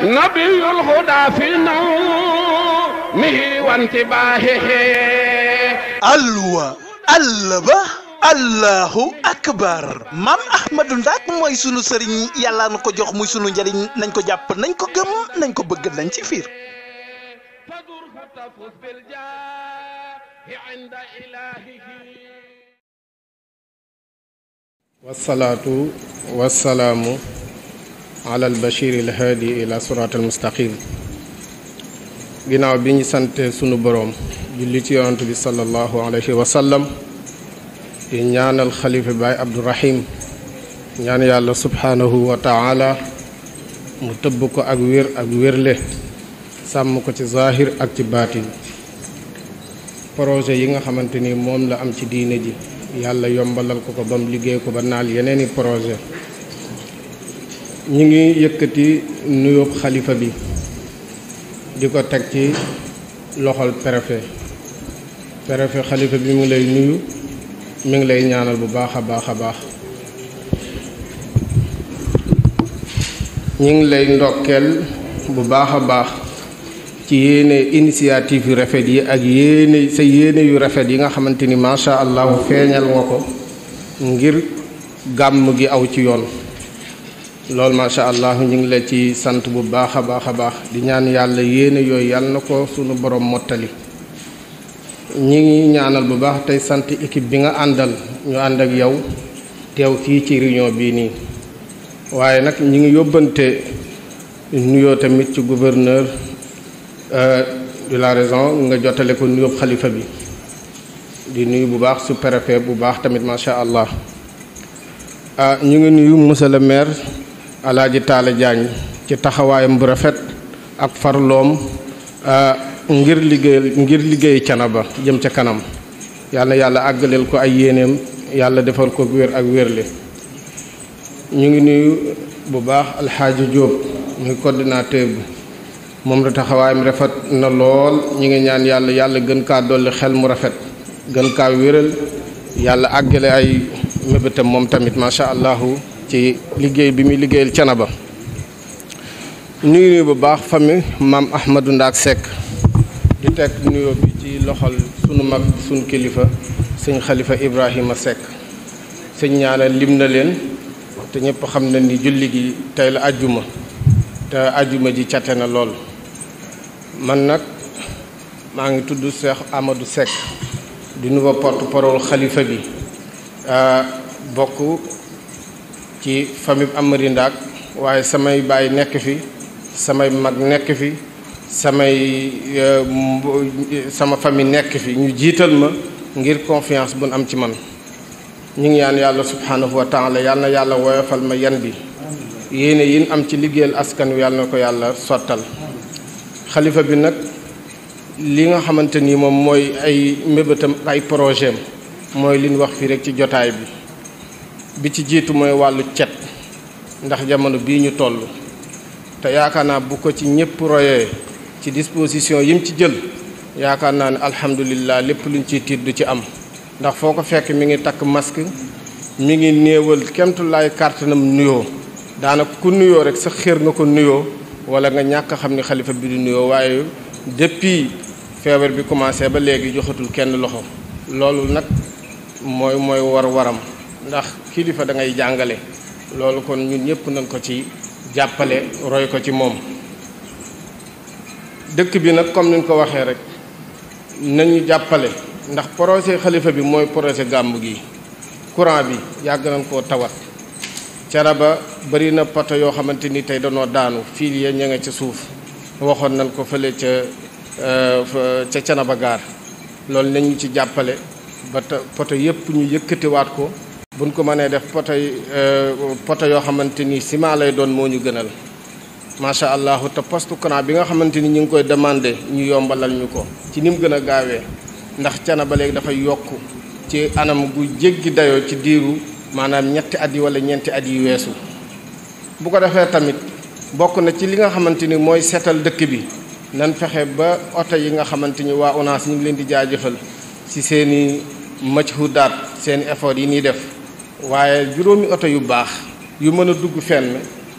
نبي الهدى في نومه وانتباهه الو البه allahu akbar maam ahmadou ndak mooy sunu sëriñ yàlla na ko jox muy sunu njëriñ nañ ko jàpp nañ ko gëm nañ ko bëgg nañ ci fiir wasalaatu wasalaamu ala albashir alhaadi ila surat almustaqim ginnaaw bi ñu sant sunu boroom julli ci yonant bi sallallahu alayhi wa sallam di ñaanal xalifa baay abdourahim ñaan yàlla subhaanahu wa taala mu tëbb ko ak wér ak wérle sàmm ko ci zahir ak ci baatin projet yi nga xamante ni moom la am ci diine ji yàlla yombalal ko ko ba mu liggéey ko ba naal yeneeni projet ñu ngi yëkkati nuyób xalifa bi di ko teg ci loxol perefe préfet xalifa bi mu ngi lay nuyu mi ngi lay ñaanal bu baax a baax a baax ñi ngi lay ndokkeel bu baax a baax ci yéene initiative yu rafet yi ak yéene sa yéene yu rafet yi nga xamante ni macha allah feeñal nga ko ngir gàmm gi aw ci yoon loolu macha allah ñu ngi la ci sant bu baax a baax a baax di ñaan yàlla yéene yooyu yàlla na ko sunu borom mottali ñi ngi ñaanal bu baax tey sant équipe bi nga àndal ñu ànd ak yow teew fii ci réunion bii nii waaye nag ñi ngi yóbbante nuyoo tamit ci gouverneur euh, de la raison nga jotale ko nuyoo xalifa bi di nuyu bu baax su préfet bu baax tamit macha allah ah ñu ngi nuyu monsieur le maire. alaaji taala jaañ ci taxawaayam bu rafet ak farloom ngir liggéey ngir liggéey Thiénaba jëm ca kanam yàlla yàlla àggaleel ko ay yéeneem yàlla defal ko wér ak wérle ñu ngi nuyu bu baax alxaaji Jóob muy coordinateur bi moom la taxawaayam rafet na lool ñu ngi ñaan yàlla yàlla gën kaa dolli xel mu rafet gën kaa wéral yàlla àggale ay mébétam moom tamit macha allahu ci liggéey bi muy liggéeyal Thiénaba ba ngi nuyu bu baax famille maam Ahmadou Ndaak Seck di teg nuyoo bi ci loxol sunu mag sunu kilifa sëñ Xalifa Ibrahima Seck sëñ ñaanal lim na leen te ñëpp xam na ni julli gi tey la ajjuma te ajjuma ji cate na lool man nag maa ngi tudd Cheikh Amadou Seck di nouveau porte-parole xalifa bi ah, bokk ci famille Amary Ndaak waaye samay baay nekk fi samay mag nekk fi samay euh, sama famille nekk fi ñu jiital ma ngir confiance bu nu am ci man ñu ngi yàlla subhanahu wa taala yàlla na yàlla woyofal ma yan bi yéene yin am ci liggéeyal askan wi yàlla na ko yàlla sottal xalifa bi nag li nga xamante ni moom mooy ay mébétam ay projet am mooy li ñu wax fii rek ci jotaay bi bi ci jiitu mooy wàllu cet ndax jamono bii ñu toll te yaakaar naa bu ko ci ñëpp royee ci disposition yim ci jël yaakaar naa ne alhamdulilah lépp luñ ciy tiit du ci am ndax foo ko fekk mi ngi takk masque mi ngi néewal kemtulaay kàttanam nuyoo daanaka ku nuyoo rek sa xér nga ko nuyoo wala nga ñàkk xam ni xalifa bi du nuyoo waaye depuis feebar bi commencé ba léegi joxatul kenn loxo loolu nag mooy mooy war waram ndax kilifa da ngay jàngale loolu kon ñun ñëpp nañ ko ci jàppale roy ko ci moom dëkk bi nag comme ni ñu ko waxee rek nañu jàppale ndax projet xalifa bi mooy projet gàmb gi courant bi yàgg nañ koo tawat cara ba bëri na poto yoo xamante ni tey danoo daanu fiil ya ña nga ca suuf waxoon nañ ko fële ca euh, ca Canaba gaar loolu nañu ci jàppale ba poto yëpp ñu yëkkatiwaat ko buñ ko mané def potay euh yoo yo xamanteni sima lay doon moo ñu gënal macha allah ta poste courant bi nga xamanteni ni ñu koy demander ñu yombalal ñu ko ci nim gëna gaawé gaawee ndax mana ba léegi dafa yokku ci anam gu jéggi dayo ci diiru manam ñetti at wala bu ko tamit bokk na ci li nga xamanteni moy sétal dëkk bi nan fexé ba auto yi nga xamanteni wa ONAS ñu leen di jaajeufal ci seeni seen effort yi ni def waaye juróomi oto yu baax yu mën a dugg fenn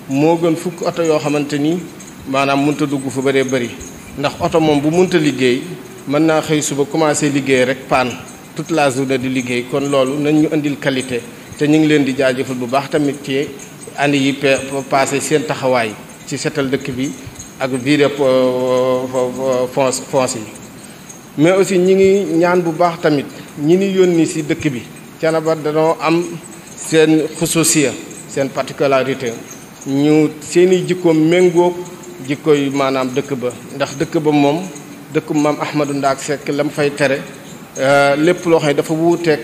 moo gën fukk oto yoo xamante ni maanaam mënta dugg fu bëree bëri ndax oto moom bu mënta liggéey mën naa xëy suba commencé liggéey rek paan toute la journée di liggéey kon loolu nañ ñu indil qualité te ñu ngi leen di jaajëfal bu baax tamit ci année yi passé seen taxawaay ci setal dëkk bi ak viré fonce fonce yi mais aussi ñi ngi ñaan bu baax tamit ñi ni yónni si dëkk bi Thiénaba danoo am seen xususiya seen particularité ñu seeni jikkoom méngóog jikko maanaam dëkk ba ndax dëkk ba moom dëkk maam Ahmadou Ndaak Seck la mu fay tere euh, lépp loo xam ne dafa wuuteeg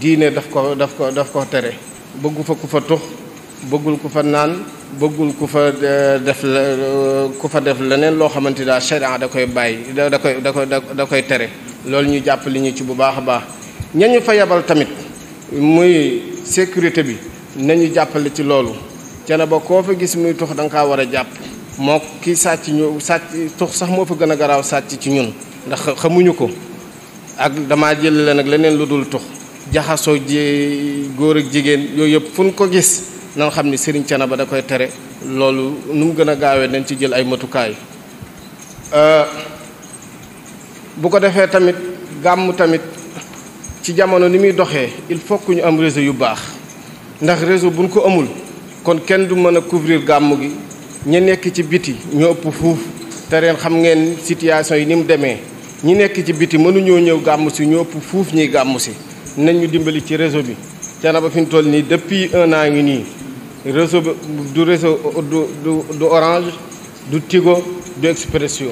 diine daf ko daf ko daf ko tere bëggu fa ku fa tux bëggul ku fa naan bëggul ku fa euh, def la euh, ku fa def leneen loo xamante daal charia da koy bàyyi da koy da koy da koy tere loolu ñu jàpp li ñu ci bu baax a baax ñañu fa yebal tamit muy sécurité bi nañu jàppale ci loolu Thiénaba koo fa gis muy tux da nga kaa war a jàpp moo kii sàcc ñu sàcc tux sax moo fa gën a garaaw sàcc ci ñun ndax xamuñu ko ak dama jël leen nag leneen lu dul tux jaxasoo ji góor ak jigéen yooyu yëpp fu ñu ko gis nan xam ni Serigne Thiénaba da koy tere loolu nu mu gën a gaawee nañ ci jël ay matukaay euh, bu ko defee tamit gàmm tamit ci jamono ni muy doxee il faut que ñu am réseau yu bax ndax réseau buñ ko amul kon kenn du mëna couvrir gamu gi ñi nekk ci biti ñoo ëpp fuuf te xam ngeen situation yi ni démé ñi nekk ci biti mënuñoo ñëw gàmmu si ñoo ëpp fuuf ñi gamu ci nañ ñu dimbali ci réseau bi Thiénaba fi ñu toll nii depuis un an ngi ni réseau du réseau du du Orange du Tigo du expression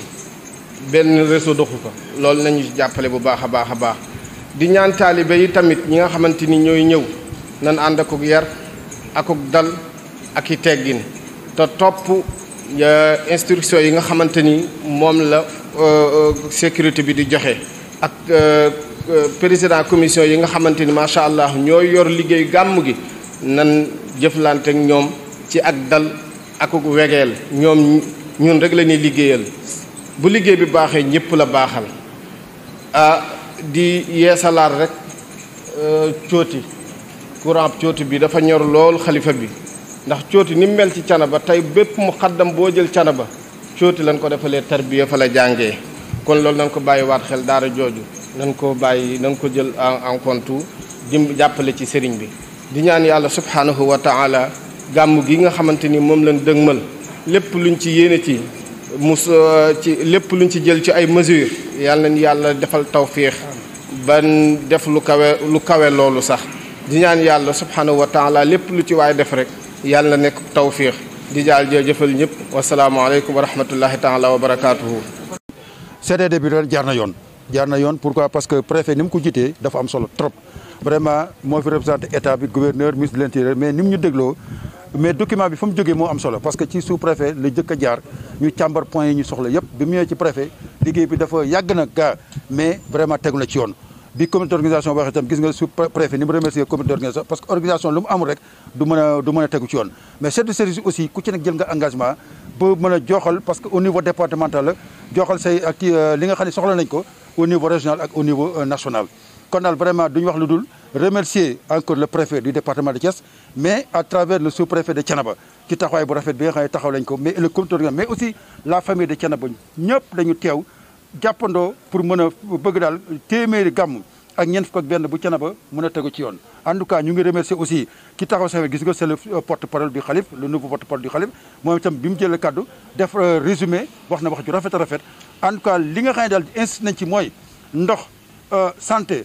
ben réseau doxu lool nañu jappalé bu baaxa baaxa baax baax di ñaan talibé yi tamit ñi nga xamanteni ñoy ñew nan and ak yar ak dal ak téggine ta top topp ya, instruction yi nga xamanteni mom la euh, euh, sécurité bi di joxé ak euh, président commission yi nga xamanteni ma sha allah ñoy yor liggéey gam gi nan jëflanté ak ñom ci ak dal ak wégel ñom ñun rek la ñuy liggéeyal bu liggéey bi baxé ñepp la baxal ah, di yeesalaat rek euh, cooti courant cooti bi dafa ñor lool xalifa bi ndax cooti ni mel ci ba tey bépp mu xaddam boo jël cana ba cooti lañ ko defalee tarbiya fa la jàngee kon loolu nañ ko bàyyi waat xel daara jooju nañ ko bàyyi nañ ko jël en compte jëm jàppale ci sëriñ bi di ñaan yàlla subhanahu wa taala gàmm gi nga xamante ni moom lañ dëgmal lépp luñ ci yéene ci mu euh, ci lépp lu luñ ci jël ci ay mesures yàlla nañ yàlla defal tawfiix ban def lu kawe lu kawe loolu sax di ñaan yàlla subhanahu wa taala lépp lu ci waaye def rek yàlla nekk tawfiix di jaar jaal jëfal ñëpp wasalaamaaleykum wa rahmatullahi taala wa barakaatuhu. CDD bi doon jaar na yoon jaar na yoon pourquoi parce que préfet ni mu ko jitee dafa am solo trop vraiment moo fi représenté état bi gouverneur ministre de l'intérieur mais ni mu ñu dégloo. mais document bi fa mu mo am solo parce que ci sous préfet le jëkk jaar ñu càmbar point ñu soxla yépp bi mu ñëwee ci préfet liggéey bi dafa yàgg na gaa mais vraiment tegu na ci yoon bi comité d'organisation waxe tam gis nga sous préfet ni mu remercier comité d'organisation parce que organisation lu mu amul rek du mëna du mëna téggu ci yoon mais chef de service aussi ku ci nak jël nga engagement ba mëna joxal parce que au niveau départemental la joxal say ak euh, li nga xam soxla nañ ko au niveau régional ak au niveau euh, national kon vraiment duñ wax lu dul remercier encore le préfet du département de Thiès mais à travers le sous-préfet de Thiénaba ci taxaway bu rafet bi nga xam taxaw lañ ko mais le comité mais aussi la famille de Thiénaba ñëpp dañu tew jappando pour mëna bëgg dal téeméeri gàmm ak ñen fuk ak benn bu Thiénaba mëna tegu ci yoon en tout cas ñu ngi remercier aussi ki taxaw sawe gis nga c'est le porte-parole du khalif le nouveau porte-parole du khalif moom tam bi mu le cadeau. def euh, résumé wax na wax ju rafet rafet en tout cas li nga xam dal daal nañ ci moy ndox euh, santé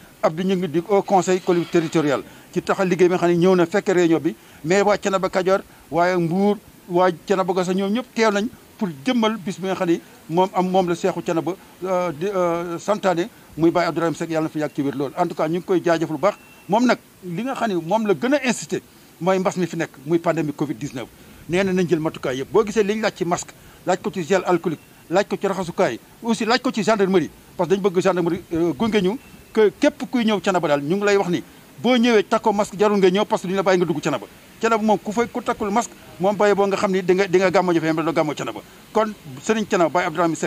Abdou Gningue di au conseil collectivité territorial ci taxal liggéey bi nga xam ne ñëw na fekk réunion bi mais waa Thiénaba Kajoor waaye Mbuur waa Thiénaba Gosa ñoom ñëpp teew nañ pour jëmmal bis bi nga xam moom am moom la seexu Thiénaba euh, di euh, santaane muy Baye Abdourahim Seck yàlla na fi yàgg ci wér loolu en tout cas ñu ngi koy jaajëf lu baax moom nag li nga xam ne moom la gën a insisté mooy mbas fi nekk muy pandémie Covid 19 nee na jël matukaay yëpp boo gisee li ñu laaj ci masque laaj ko ci gel alcoolique ko ci raxasukaay aussi laaj ko ci gendarmerie parce que dañu bëgg gendarmerie euh, gunge ñu que képp kuy ñëw Thiénaba daal ñu ngi lay wax ni boo ñëwee takkoo masque jarul nga ñëw parce que duñu la bàyyi nga dugg Thiénaba Thiénaba moom ku fay ku takkul masque moom bàyyi boo nga xam ni di nga di nga gàmmo jafe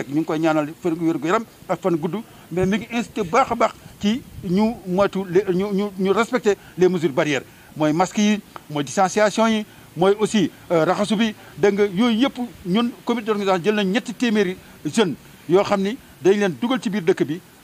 yam koy ñaanal fan wér gu yaram ak fan gudd mais mi ngi incité baax a baax ci ñu moytu ñu ñu ñu respecter les mesures barrières mooy masque yi mooy distanciation yi mooy aussi euh, raxasu bi dégg nga yooyu yëpp ñun comité d'organisation jël nañ ñetti téeméeri jeunes yoo xam ni dañ leen dugal ci biir dëkk bi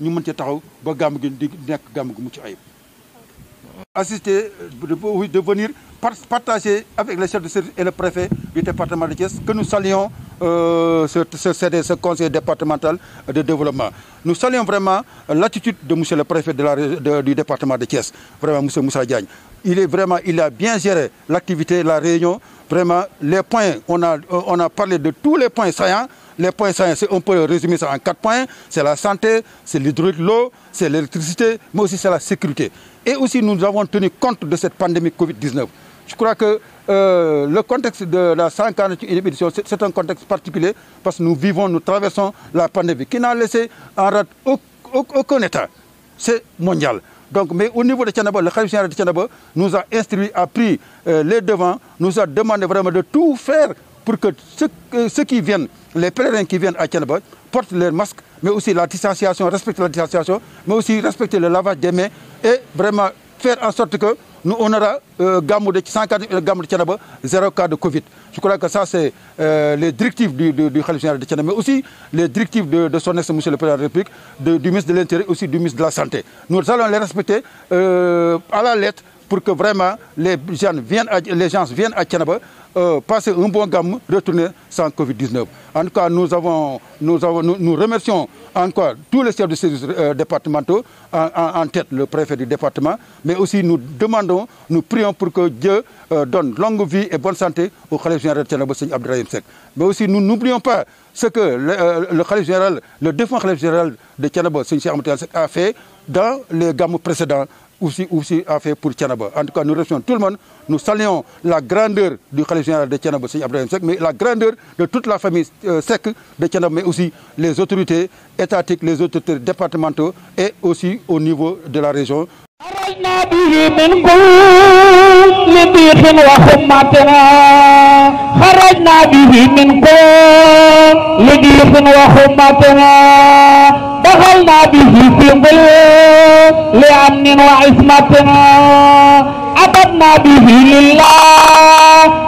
Nous mën en taxaw assister de venir partager avec les chefs de service et le préfet du département de Thiès que nous saluons euh, ce, conseil départemental de développement. Nous saluons vraiment l'attitude de M. le préfet de du département de Thiès, vraiment M. Moussa Diagne. Il, est vraiment, il a bien géré l'activité, la réunion, vraiment les points, a, on a parlé de tous les points saillants les points on peut résumer ça en quatre points. C'est la santé, c'est l'hydraulique, l'eau, c'est l'électricité, mais aussi c'est la sécurité. Et aussi, nous avons tenu compte de cette pandémie Covid-19. Je crois que euh, le contexte de la 141e c'est un contexte particulier parce que nous vivons, nous traversons la pandémie qui n'a laissé en rate aucun État. C'est mondial. Donc, mais au niveau de Tchanaba, le Khalif de nous a instruit, a pris euh, les devants, nous a demandé vraiment de tout faire pour que euh, ceux, qui viennent, les pèlerins qui viennent à Tianaba, portent leurs masques, mais aussi la distanciation, respectent la distanciation, mais aussi respecter le lavage des mains et vraiment faire en sorte que nous, on aura euh, gamme de 100 0 euh, cas de Covid. Je crois que ça, c'est euh, les directives du, du, général de Tianaba, mais aussi les directives de, son ex, monsieur le Président de la République, du ministre de l'Intérieur, aussi du ministre de la Santé. Nous allons les respecter à la lettre pour que vraiment les gens viennent à, les gens viennent à euh, passer un bon gamme, retourner sans Covid-19. En tout cas, nous, avons, nous, avons, nous, remercions encore tous les chefs de service euh, départementaux, en, tête le préfet du département, mais aussi nous demandons, nous prions pour que Dieu euh, donne longue vie et bonne santé au Khalif général de Abdelrahim Sek. Mais aussi, nous n'oublions pas ce que le, euh, général, le défunt Khalif général de Tianaba, a fait dans les gammes précédents, aussi, a fait pour Tianaba. En tout cas, nous remercions tout le monde. Nous saluons la grandeur du Khalif général de Tianaba, mais la grandeur de toute la famille euh, sec de Tianaba, mais aussi les autorités étatiques, les autorités départementaux et aussi au niveau de la région. خرجنا به من كل ضيق وخمتنا خرجنا به من كل ضيق وخمتنا دخلنا به في ظل لأمن وعصمتنا عبدنا به لله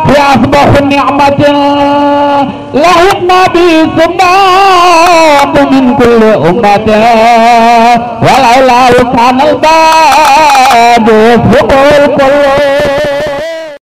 في أصبح نعمتنا लाली गुम कुलो लाल